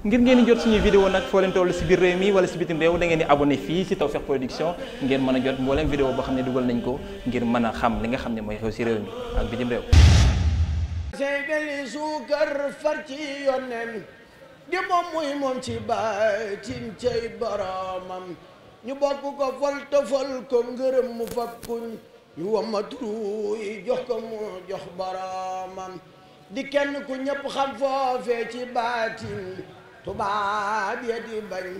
ngir ngeen jot suñuy vidéo nag foo leen si biir réew mi wala si bitim réew da ngeen di abonné fii si Tawfekh Production ngeen mën a jot mbooleem vidéo boo xam ne dugal nañ ko ngir mën a xam li nga xam ne mooy xew si réew mi ak bitim réew seydali suukar far ci yoneen di moom ci baatim cay boromam ñu bokk ko fol te fol ko ngërëm mu fab kuñ ñu wammaturu yi jox ko mu jox boromam di kenn ku ñëpp xam foofee ci baatim tubaab ya di bañ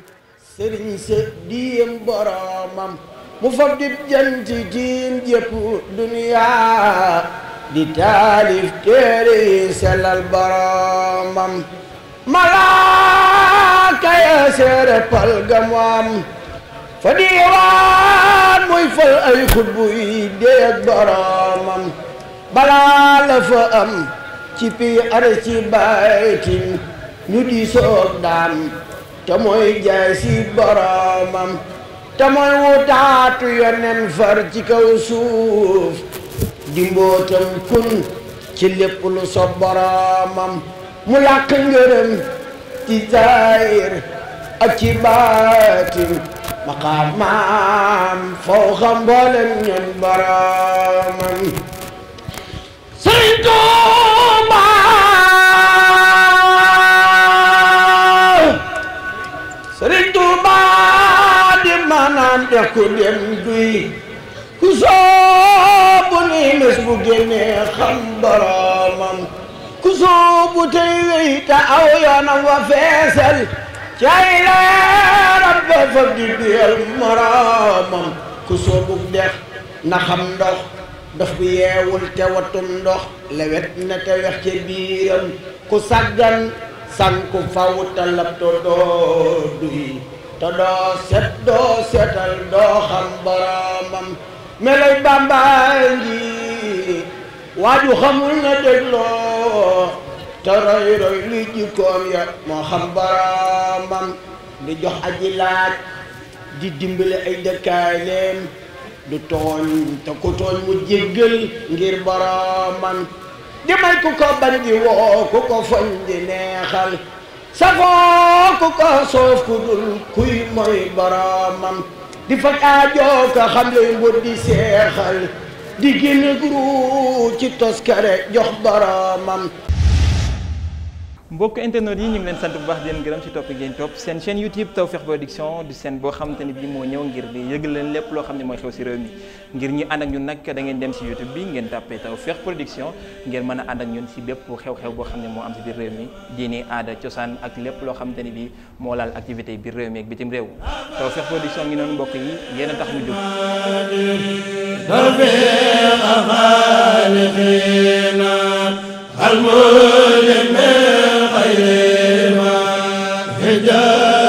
sëriñ sa diyem boromam mu fab di janti tiim jëpp duniyaa di taalif téere yi sellal boromam malaaka seere pal gamam fa diwaan muy fal ay xutbu yi déeg boromam balaa la fa am ci pi ar ci baytin ñu di soog daam te jaay si boromam te wutaatu yonen far ci kaw suuf kun ci lépp lu sob mu làkk ngërëm ci zaahir ak ci baatin maqaamam fawqa mboolem ñun boromam de ku dem duy ku soobu ni mes bu génnee xam boromam ku soobu tey wey ta aw yoonam wa feesal cay leeram ba fa di biyal ku soobu def na xam ndox ndox bu yeewul te watum ndox lewet na te wex ca ku saggan sanku faw ta labto doo duy te doo set doo setal doo xam boromam melay bàmbaay ngi waaju xamul na dégloo te roy roy li jikkoom ya moo xam boromam di jox aji laaj di dimbale ay dëkkaay leen du tooñ te ku tooñ mu jéggal ngir boromam di may ku ko bañ di woo ku ko foñ di neexal safoo ku ko soof ku dul kuy mooy boromam di faj aajo ka xam le mbur di seexal di génn guru toskare jox boromam mbokk internet yi ñu ngi leen sant bu baax di leen gërëm ci topp ngeen topp seen chaîne YouTube Tawfekh Production di seen boo xamante ni bi moo ñëw ngir di leen lépp loo xam ne mooy xew ci réew mi ngir ñu ànd ak ñun nag da ngeen dem ci YouTube bi ngeen tàppee Tawfekh Production ngeen mën a ànd ak ñun ci bépp xew-xew boo xam ne moo am ci biir réew mi diini aada cosaan ak lépp loo xamante ne bii moo laal activité biir réew mi ak bitim réew Tawfekh Production ngi noonu mbokk yi yéen a tax mu jaa